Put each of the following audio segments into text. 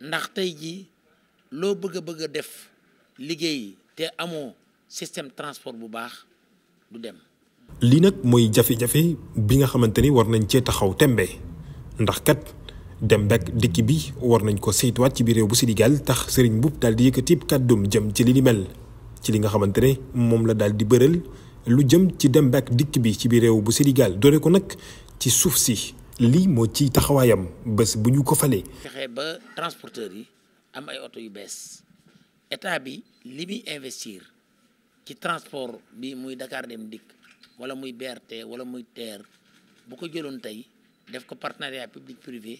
ndax tey jii loo bëgg a bëgg a def liggéey te amoo système transport bu baax du dem. lii nag mooy jafe-jafe bi nga xamante ni war nañ cee taxaw tembe ndax kat dem bekk dikk bi war nañ ko saytuwaat ci biir réew bu Sénégal tax sëriñ Mboup daal di yëkkati kàddum jëm ci li ni mel ci li nga xamante ne moom la daal di bëral lu jëm ci dem bekk dikk bi ci biir réew bu Sénégal doore ko nag ci suuf si. lii moo ci taxawaayam bés bu ñu ko falee. fexe ba transporteurs yi am ay oto yu bees état bi li bi investir ci transport bi muy Dakar dem dikk wala muy BRT wala muy TER bu ko jëloon tey def ko partenariat public privé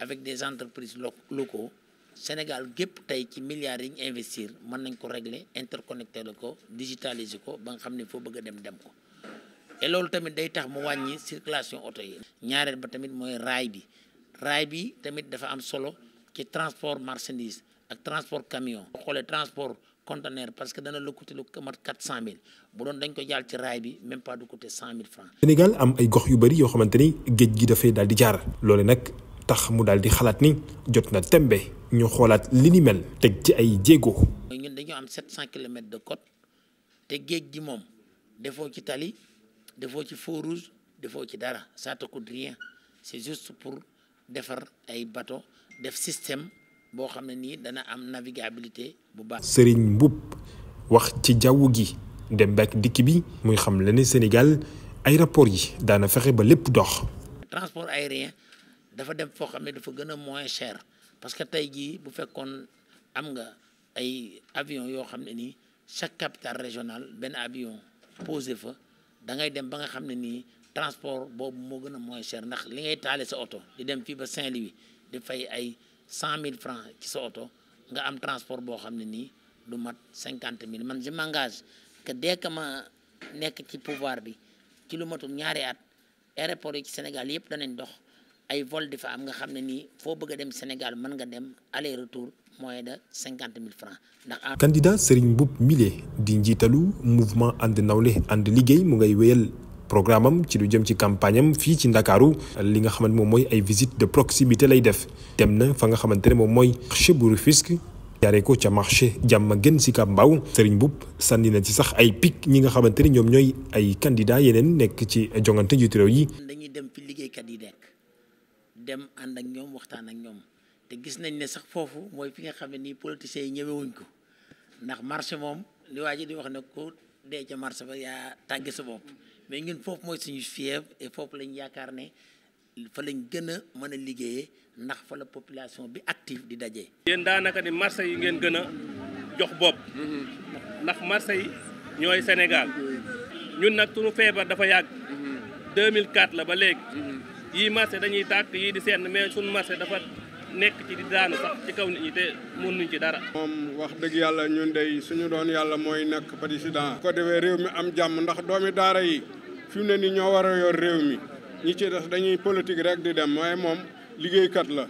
avec des entreprises locaux Sénégal gépp tey ci milliards yi ñu investir mën nañ ko régler interconnecté la ko digitaliser ko ba nga xam ne foo bëgg a dem dem ko. te loolu tamit day tax mu wàññi circulation oto yi. ñaareel ba tamit mooy raay bi raay bi tamit dafa am solo ci transport marchandise ak transport camion. boo xoolee transport conteneur parce que dana la coûter lu mat quatre cent mille bu doon dañ ko jaal ci raay bi même pas du coûter cent mille francs. Sénégal am ay gox yu bëri yoo xamante ni géej gi dafay daal di jaar loole nag. tax mu daal di xalaat ni jot na tembe ñu xoolaat li ni mel teg ci ay jéego. ñun dañoo am 700 kilomètres de côte te géej gi moom defoo ci tali defoo ci foo rouge defoo ci dara ça te coûte rien c'est juste pour defar ay bateau def système boo xam ne nii dana am navigabilité bu baax. Serigne Mboup wax ci jaww gi dem ba dikk bi muy xam la ne Sénégal aéroport yi daana fexe ba lépp dox. transport aérien dafa dem foo xam ne dafa gën a moins cher parce que tey jii bu fekkoon am nga ay avion yoo xam ne nii chaque capitale régional benn avion posé fa. da ngay dem ba nga xam ne nii transport boobu moo gën a moins cher ndax li ngay taale sa oto di dem fii ba Saint-Louis di fay ay cent mille francs ci sa oto nga am transport boo xam ne nii du mat cinquante mille man je m'engage que dès que ma nekk ci pouvoir bi ci lu matul ñaari at aéroport yi ci Sénégal yëpp danañ dox ay vol di fa am nga xam ne nii foo bëgg dem Sénégal mën nga dem aller retour moyen de cinquante mille francs ndax. candidat Serigne Mboup Mile di njiitalu mouvement ànd nawle ànd liggéey mu ngay wéyal programme am ci lu jëm ci campagne fii ci ndakaaru li nga xamante moom mooy ay visite de proximité lay def dem na fa nga xamante ne moom mooy marché bu Rufisque jaaree ko ca marché jàmm gën si Kab Mbaaw Serigne Mboup sànni na ci sax ay pic ñi nga xamante ni ñoom ñooy ay candidat yeneen nekk ci jongante njiitu réew yi. dañuy dem fi liggéeykat yi de dem ànd ak ñoom waxtaan ak ñoom te gis nañ ne sax foofu mooy fi nga xam ne nii politiciens yi ñëwewuñ ko ndax marché moom li waa ji di wax ne ko dee ca marché ba yaa tàgge sa bopp mais ngeen foofu mooy suñu fièvre et foofu lañ yaakaar ne fa lañ gën a mën a liggéeye ndax fa la population bi active di daje. yéen daanaka ni marché yi ngeen gën a jox bopp ndax marché yi ñooy Sénégal ñun nag suñu feebar dafa yàgg mm-hmm. la ba léegi yii marché dañuy tàkk yii di seen mais suñu marché dafa nekk ci di daanu sax ci kaw nit ñi te mënuñ ci dara. moom wax dëgg yàlla ñun dey suñu doon yàlla mooy nekk président. ko defee réew mi am jàmm ndax doomi daara yi fi mu ne ni ñoo war a yor réew mi ñi ci des dañuy politique rek di dem waaye moom liggéeykat la.